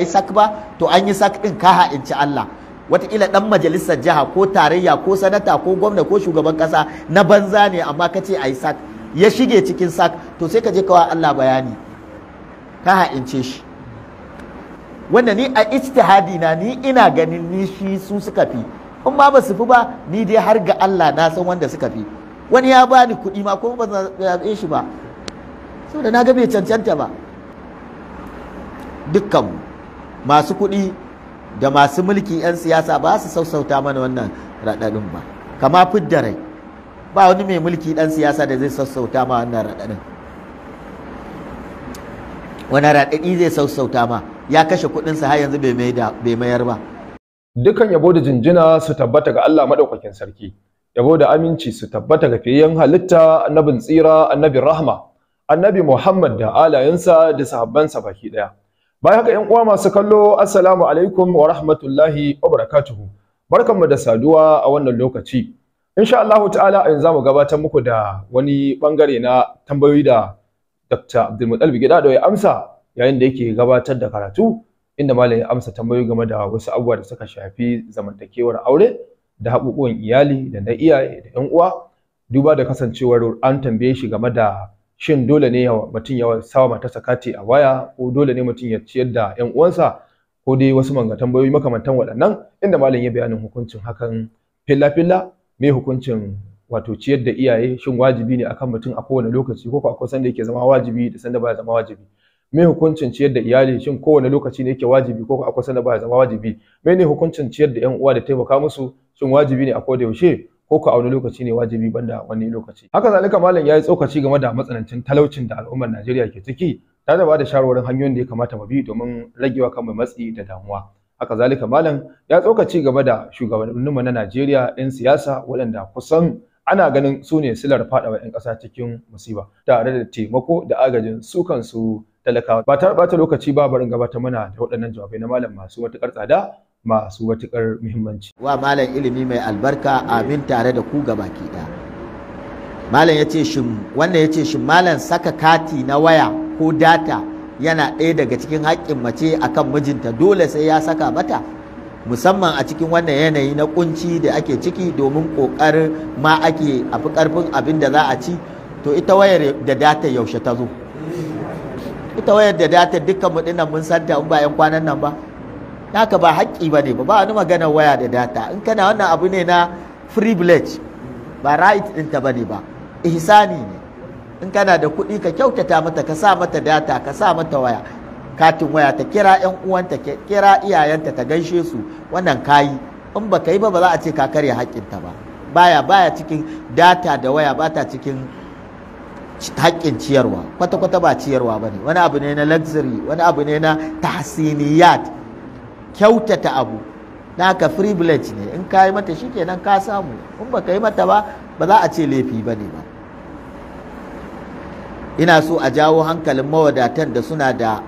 yi sak ba to an yi sak din ka ha'inci Allah wataƙila ɗan majalisar jiha ko tarayya ko sanata ko gwamna ko shugaban ƙasa na banza ne amma ka ce a yi sak ya shige cikin sak to sai ka je kawa Allah bayani ka ha'ince shi wanda ni a ijtihadi na ni ina ganin ni shi su suka fi in ma ba su fi ba ni dai har ga Allah na san wanda suka fi wani ya bani kuɗi ma kuma ba zaɓe shi ba saboda na ga bai cancanta ba dukkanmu masu kuɗi da masu mulki 'yan siyasa ba su sassauta mana wannan raɗaɗin ba kama fidda rai ba wani mai mulki ɗan siyasa da zai sassauta ma wannan raɗaɗin wani raɗaɗi zai sassauta ma ya kashe kuɗinsa har yanzu bai mayar ba dukan yabo da jinjina su tabbata ga Allah maɗaukakin sarki yabo da aminci su tabbata ga fiyayyen halitta annabin tsira annabin rahma annabi Muhammad da alayensa da sahabbansa baki ɗaya Bayan haka ‘yan uwa masu kallo, Assalamu alaikum wa rahmatullahi wa barakatuhu. Barkanmu da saduwa a wannan lokaci. Insha Allah ta'ala a yanzu zamu gabatar muku da wani bangare na tambayoyi da Dr. gida Gidado ya amsa yayin da yake gabatar da karatu inda malam ya amsa tambayoyi game da wasu abubuwa da suka shafi zamantakewar aure da haƙuƙuwan iyali da na iyaye da ‘yan uwa duba da kasancewar an tambaye shi game da shin dole ne mutum ya sawa matarsa kati a waya ko dole ne mutum ya ciyar da ƴan uwansa ko dai wasu manga tambayoyi makamantan waɗannan inda malam ya bayanin hukuncin hakan filla filla me hukuncin wato ciyar da iyaye shin wajibi ne akan mutum a kowane lokaci ko akwai sanda yake zama wajibi da sanda baya zama wajibi me hukuncin ciyar da iyali shin kowane lokaci ne yake wajibi ko akwai sanda baya zama wajibi me ne hukuncin ciyar da ƴan uwa da taimaka musu shin wajibi ne a koda yaushe ko ka auni lokaci ne wajibi banda wani lokaci haka zalika malam yayi tsokaci game da matsanancin talaucin da al'ummar Najeriya ke ciki ta da bada shawarwarin hanyoyin da ya kamata mu bi domin ragewa kan mai matsi da damuwa haka zalika malam ya tsokaci game da mu na Najeriya ɗin siyasa waɗanda kusan ana ganin su ne silar faɗawa 'yan ƙasa cikin musiba tare da taimako da agajin su kansu talakawa ba ta ɓata lokaci ba barin gabatar mana da waɗannan jawabai na malam masu matuƙar tsada masu matuƙar muhimmanci. Wa malam ilimi mai albarka amin tare da ku gaba ke Malam ya ce shin wannan ya ce shin malam saka kati na waya ko data yana ɗaya daga cikin haƙƙin mace akan mijinta dole sai ya saka mata musamman a cikin wannan yanayi na kunci da ake ciki domin ƙoƙarin ma ake afi ƙarfin abin da za a ci to ita wayar da data yaushe ta zo ita wayar da data dukkan mu dinnan mun santa in ba 'yan kwanan nan ba naka ba haƙƙi ba ne ba ba wani magana waya da data in kana wannan abu ne na privilege ba right ɗinta ba ne ba ihsani ne in kana da kuɗi ka kyautata mata ka sa mata data ka sa mata waya katin waya ta kira yan uwanta ta kira iyayenta ta gaishe su wannan kayi in ba ka yi ba ba za a ce ka karya haƙƙinta ba baya baya cikin data da waya ba ta cikin haƙƙin ciyarwa kwata-kwata ba ciyarwa ba ne wani abu ne na luxury wani abu ne na tahsiniyat kyautata abu naka privilege ne in ka yi mata shi kenan ka samu in ba ka yi mata ba ba za a ce laifi ba ne ba ina so a jawo hankalin mawadatan da suna da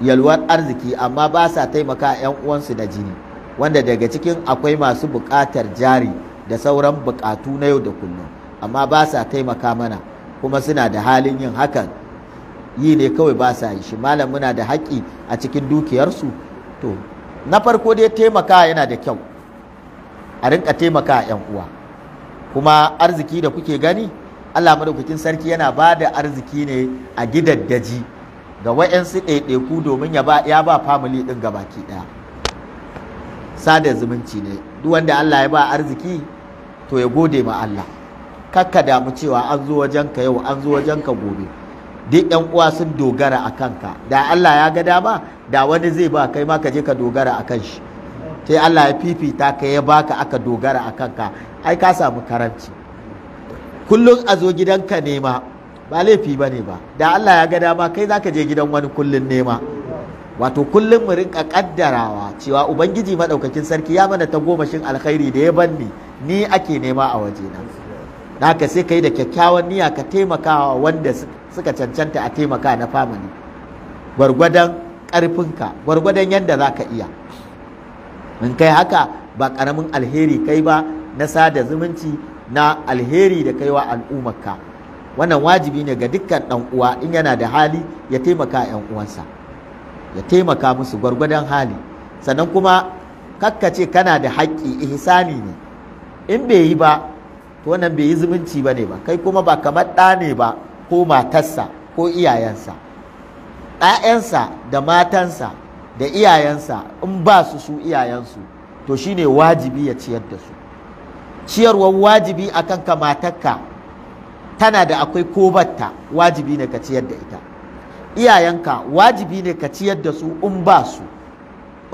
yalwar arziki amma ba sa taimaka 'yan uwansu da jini wanda daga cikin akwai masu buƙatar jari da sauran buƙatu na yau da kullum amma ba sa taimaka mana kuma suna da halin yin hakan yi ne kawai ba sa yi shi malam muna da haƙƙi a cikin dukiyarsu to na farko dai taimaka yana da kyau a rinka taimaka yan uwa kuma arziki da kuke gani Allah madaukakin sarki yana ba da arziki ne a gidaddaji ga wa'yansu ɗaiɗaiku domin ya ba ya ba family ɗin gabaki ɗaya sada zumunci ne duk wanda Allah ya ba arziki to ya gode ma Allah kakka damu cewa an zo wajenka yau an zo wajenka gobe duk yan uwa sun dogara a kanka da Allah ya ga dama da wani zai ba kai ma ka je ka dogara a kan sai Allah ya fifita ka ya baka aka dogara a kanka ai ka samu karanci kullum a zo gidanka nema ba laifi ba ne ba da Allah ya ga dama kai za ka je gidan wani kullum nema wato kullum mu rinka kaddarawa cewa ubangiji maɗaukakin sarki ya mana ta gomashin alkhairi da ya banni ni ake nema a waje na naka sai kai da kyakkyawan niyya ka taimakawa wanda suka cancanta a taimaka na famani gwargwadon karfinka gwargwadon yadda za ka iya in kai haka ba karamin alheri kai ba na sada zumunci na alheri da kaiwa al'ummarka wannan wajibi ne ga dukkan dan uwa in yana da hali ya taimaka yan uwansa ya taimaka musu gwargwadon hali sannan kuma kakkace kana da haƙƙi ihsani ne in bai yi ba to wannan bai yi zumunci ba ne ba kai kuma ba kamar ɗa ne ba ko matarsa ko iyayensa ɗayansa da matansa da iyayensa in ba su su iyayensu to shine wajibi ya ciyar da su ciyarwar wajibi akan ka matarka tana da akwai kobarta wajibi ne ka ciyar da ita iyayenka wajibi ne ka ciyar da su in ba su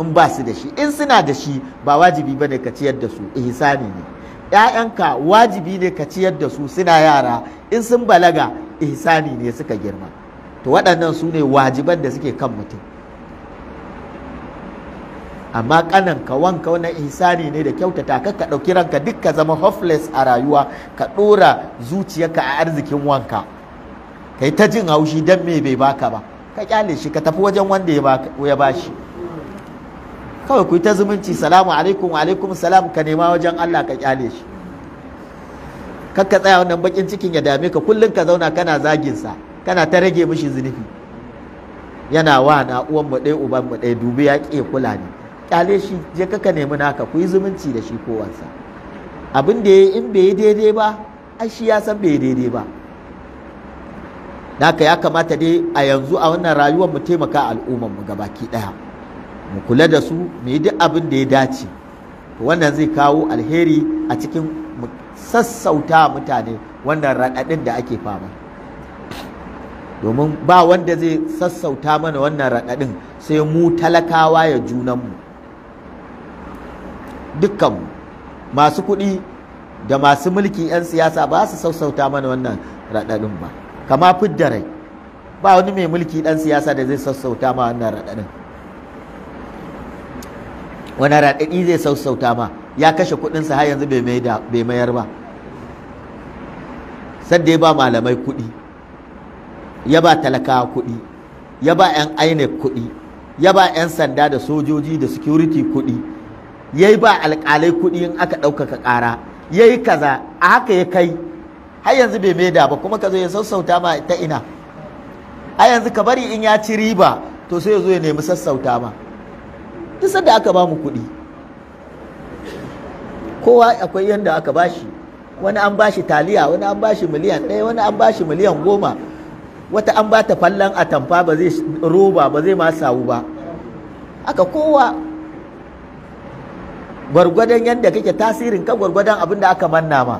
in ba su da shi in suna da shi ba wajibi ba ne ka ciyar da su ihsani ne ‘ya'yanka wajibi ne ka ciyar da su suna yara in sun balaga ihsani ne suka girma to waɗannan su ne wajiban da suke kan mutum amma kanan ka wanka wannan ihsani ne da kyautata ka ka ɗauki ranka duk ka zama hopeless a rayuwa ka ɗora zuciyarka a arzikin wanka ka yi ta jin haushi dan me bai baka ba ka kyale shi ka tafi wajen wanda ya bashi kawai ku yi ta zumunci salamu alaikum wa alaikum salam ka nema wajen Allah ka kyale shi kakka tsaya wannan bakin cikin ya dame ka kullum ka zauna kana zagin sa kana ta rage mishi zunubi yana wa na uwan mu ɗaya uban mu dai dubi ya ke kula ne kyale shi je kaka nemi naka ku yi zumunci da shi kowansa abin da in bai yi daidai ba ai shi ya san bai yi daidai ba naka ya kamata dai a yanzu a wannan rayuwar mu taimaka al'ummar mu gabaki ɗaya mu kula da su mu yi duk abin da ya dace wannan zai kawo alheri a cikin sassauta mutane wannan raɗaɗin da ake fama domin ba wanda zai sassauta mana wannan raɗaɗin sai mu talakawa ya junanmu dukkanmu masu kuɗi da masu mulki 'yan siyasa ba su sassauta mana wannan raɗaɗin ba kama fidda rai ba wani mai mulki ɗan siyasa da zai sassauta ma wannan raɗaɗin wani raɗaɗi zai sassauta ma ya kashe kuɗinsa har yanzu bai mayar ba sadda ya ba malamai kuɗi ya ba talakawa kuɗi ya ba 'yan INEC kuɗi ya ba 'yan sanda da sojoji da security kuɗi ya yi ba alƙalai kuɗi in aka ɗaukaka ƙara ya yi kaza a haka ya kai har yanzu bai maida ba kuma ka zo ya sassauta ma ta ina a yanzu ka bari in ya ci riba to sai ya zo ya nemi sassauta ma duk sanda aka ba mu kuɗi kowa akwai yadda aka bashi wani an bashi taliya wani an bashi miliyan ɗaya wani an bashi miliyan goma wata an ba ta fallon atamfa ba zai roba ba zai ma sawu ba aka kowa gwargwadon yadda kake tasirin ka gwargwadon abin da aka manna ma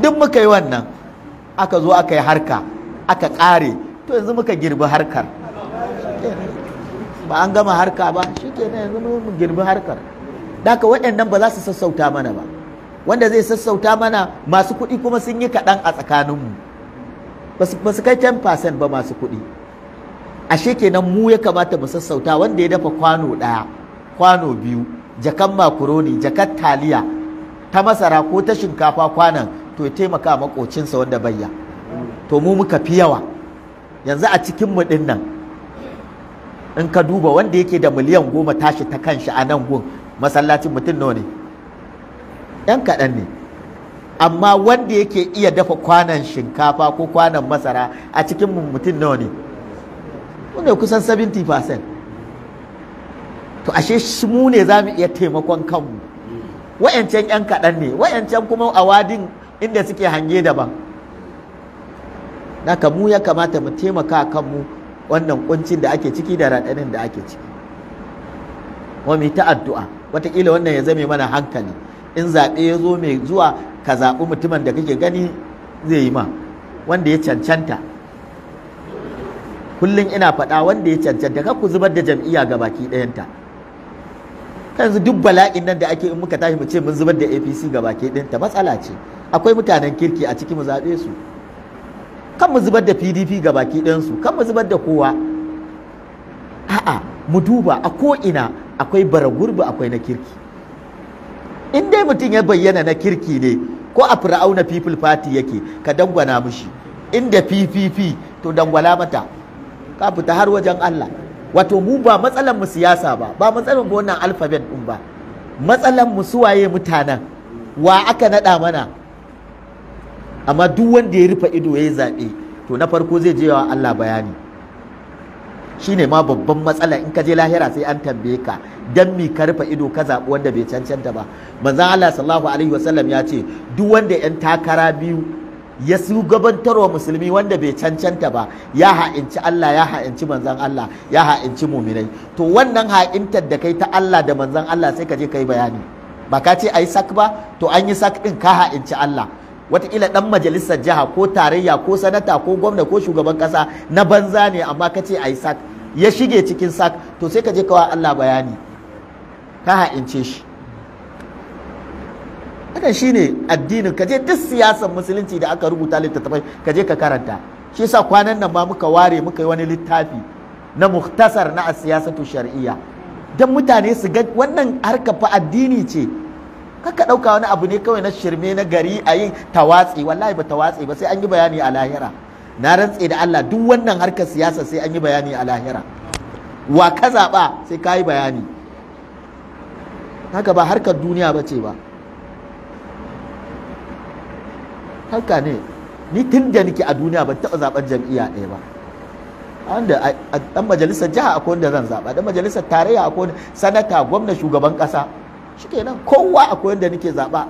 duk muka yi wannan aka zo aka yi harka aka ƙare to yanzu muka girbi harkar ba an gama harka ba shi ke yanzu mun girbi harkar daka waɗannan ba za su sassauta mana ba wanda zai sassauta mana masu kuɗi kuma sun yi kaɗan a tsakaninmu ba su kai 10% ba masu kuɗi ashe kenan mu ya kamata mu sassauta wanda ya dafa kwano ɗaya kwano biyu jakan makuroni jakan taliya ta masara ko ta shinkafa kwanan to ya taimaka makocinsa wanda bayya to mu muka fi yawa yanzu a cikin mu ɗin nan in ka duba wanda yake da miliyan goma tashi ta kanshi a nan gun masallacin mutum nawa ne yan kaɗan ne amma wanda yake iya dafa kwanan shinkafa ko kwanan masara a cikin mutum nawa ne wanda kusan 70% to ashe shi mu ne za mu iya taimakon kanmu wa'yancan 'yan kaɗan ne wa'yancan kuma awadin inda suke hange daban naka mu ya kamata mu taimaka kanmu wannan kuncin da ake ciki da raɗanin da ake ciki wa mai ta addu'a wataƙila wannan ya zame mana hankali in zaɓe ya zo mai zuwa ka zaɓi mutumin da kake gani zai yi ma wanda ya cancanta kullum ina faɗa wanda ya cancanta kar ku zubar da jam'iyya ga baki ɗayanta yanzu duk bala'in nan da ake in muka tashi mu ce mun zubar da apc ga baki ɗayanta matsala ce akwai mutanen kirki a ciki mu zaɓe su kan mu zubar da pdp ga baki ɗansu kan mu zubar da kowa a'a mu duba a ko'ina akwai bara gurbi akwai na kirki in dai mutum ya bayyana na kirki ne ko a fir'auna people party yake ka dangwana mushi inda ppp to dangwala mata ka fita har wajen allah wato mu ba matsalan mu siyasa ba ba matsalan mu wannan alfabet din ba matsalan mu suwaye mutanen wa aka naɗa mana amma duk wanda ya rufe ido ya yi zaɓe to na farko zai je wa Allah bayani Shi ne ma babban matsala in ka je lahira sai an tambaye ka dan mi ka rufe ido ka zaɓi wanda bai cancanta ba Manzan Allah sallallahu alaihi wasallam ya ce duk wanda yan takara biyu ya wa musulmi wanda bai cancanta ba ya ha'inci Allah ya ha'inci manzan Allah ya ha'inci muminai to wannan ha'intar da kai ta Allah da manzan Allah sai ka je ka yi bayani ba ka ce ai sak ba to an yi sak din ka ha'inci Allah watakila dan majalisar jiha ko tarayya ko sanata ko gwamna ko shugaban kasa na banza ne amma ka ce ai sak ya shige cikin sak to sai ka je kawa Allah bayani ka ha'ince shi haka shine addinin ka je duk siyasar musulunci da aka rubuta littattafai ka je ka karanta shi sa kwanan nan ma muka ware muka yi wani littafi na muktasar na siyasatu shar'iyya dan mutane su ga wannan harka fa addini ce kaka ɗauka wani abu ne kawai na shirme na gari a yi tawatsi wallahi ba tawatsi ba sai an yi bayani a lahira na rantse da Allah duk wannan harkar siyasa sai an yi bayani a lahira wa ka zaɓa sai ka yi bayani haka ba harkar duniya ba ce ba haka ne ni tun da nake a duniya ban taɓa zaɓar jam'iyya ɗaya ba wanda ɗan majalisar jiha akwai wanda zan zaɓa ɗan majalisar tarayya akwai sanata gwamna shugaban ƙasa shikenan kowa akwai wanda nake zaba.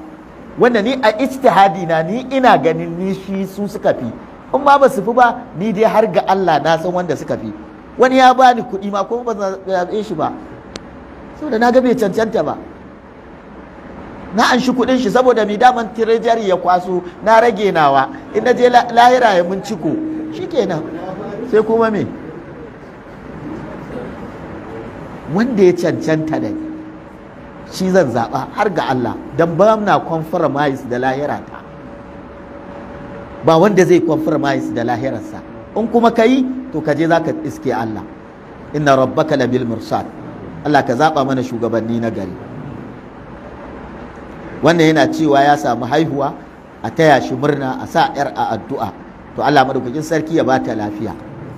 wanda ni a ijtihadi na ni ina ganin ni shi su suka fi in ma ba su fi ba ni dai har ga Allah na san wanda suka fi wani ya bani kuɗi ma ko ba zaɓe shi ba saboda na ga bai cancanta ba na an shi kuɗin shi saboda mi daman tirejari ya kwaso na rage nawa in na je lahira ya mun ciko shikenan sai kuma me wanda ya cancanta da ni shi zan zaɓa har ga Allah don ba na compromise da lahirata ba wanda zai compromise da lahirarsa in kuma ka yi to ka je za ka iske Allah inna rabbaka labil mursal Allah ka zaɓa mana shugabanni na gari wannan yana cewa ya samu haihuwa a taya shi murna a sa 'yar a addu'a to Allah madaukakin sarki ya ba ta lafiya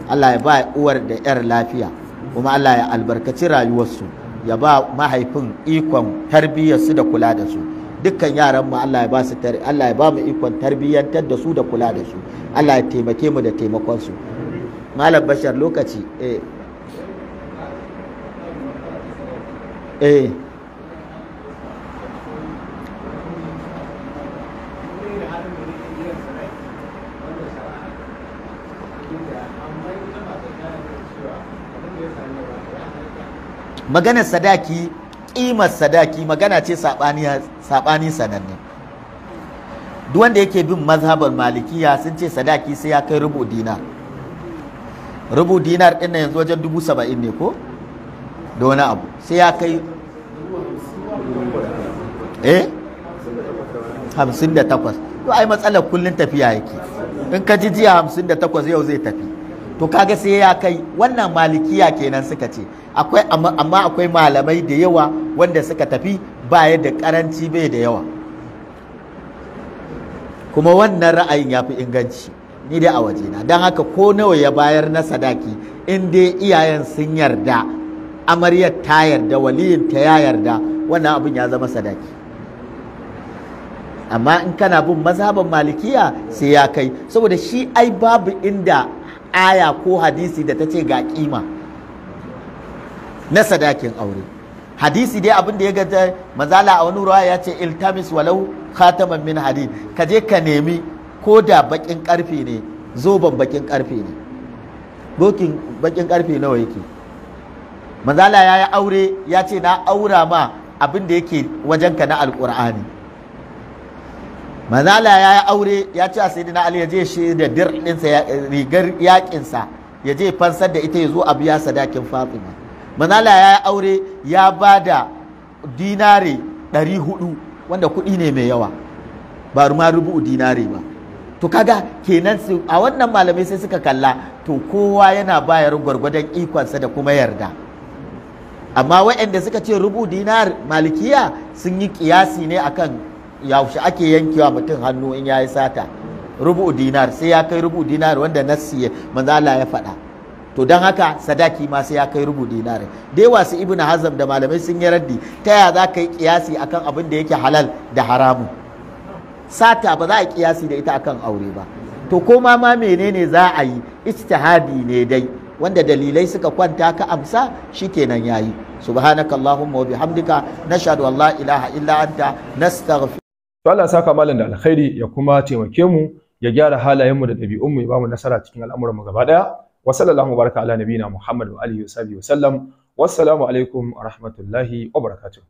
Allah ya ba uwar da 'yar lafiya kuma Allah ya albarkaci rayuwarsu ya ba mahaifin ikon tarbiyyarsu da kula da su dukkan yaran mu Allah ya ba su Allah ya ba mu ikon tarbiyyantar da su da kula da su Allah ya taimake mu da taimakon su malam bashar lokaci eh eh maganar sadaki ƙimar sadaki magana ce saɓani sananne duk wanda yake bin mazhabar malikiya sun ce sadaki sai ya kai rubu dinar rubu dinar ɗin yanzu wajen dubu saba'in ne ko da wani abu sai ya kai eh hamsin da takwas to ai matsalar kullum tafiya yake in ka ji jiya hamsin da takwas yau zai tafi to kaga sai ya kai wannan malikiya kenan suka ce akwai amma akwai malamai da yawa wanda suka tafi baya da karanci bai da yawa kuma wannan ra'ayin ya fi inganci ni dai a wajena don haka ko nawa ya bayar na sadaki in dai iyayen sun yarda amaryar ta yarda waliyin ta ya yarda wannan abin ya zama sadaki amma in kana bin mazhaban malikiya sai ya kai saboda shi ai babu inda aya ko hadisi da ta ce ga kima na sadakin aure hadisi dai abin da ya gaja mazala a wani ruwa ya ce iltamis walau khataman min hadid ka je ka nemi ko da bakin karfe ne zoben bakin karfe ne bokin bakin karfe nawa yake mazala ya yi aure ya ce na aura ma abin da yake wajenka na alkur'ani manzala ya yi aure ya ce a dina ali ya je shi da dirɗinsa rigar yaƙinsa ya je fansar da ita ya zo a biya sadakin fatima manzala ya yi aure ya ba da dinare ɗari hudu wanda kuɗi ne mai yawa ba ma rubu'u dinare ba to kaga kenan a wannan malamai sai suka kalla to kowa yana bayar gwargwadon ikonsa da kuma yarda amma waɗanda suka ce rubu dinar malikiya sun yi kiyasi ne akan yaushe ake yankewa mutum hannu in yayi sata rubu dinar sai ya kai rubu dinar wanda nassi manzo Allah ya faɗa to don haka sadaki ma sai ya kai rubu dinar dai wasu ibn hazm da malamai sun yi raddi ta ya za ka yi kiyasi akan abin da yake halal da haramu sata ba za a kiyasi da ita akan aure ba to koma ma menene za a yi ijtihadi ne dai wanda dalilai suka kwanta ka amsa shikenan yayi subhanakallahumma wa bihamdika nashhadu an la ilaha illa anta nastaghfiruka to Allah saka malam da alkhairi ya kuma taimake mu ya gyara halayenmu da ɗabi'unmu ya bamu nasara cikin al'amuranmu gaba ɗaya wa sallallahu baraka ala nabiyina muhammad wa alihi wa sahbihi wa sallam wassalamu alaikum wa rahmatullahi wa barakatuh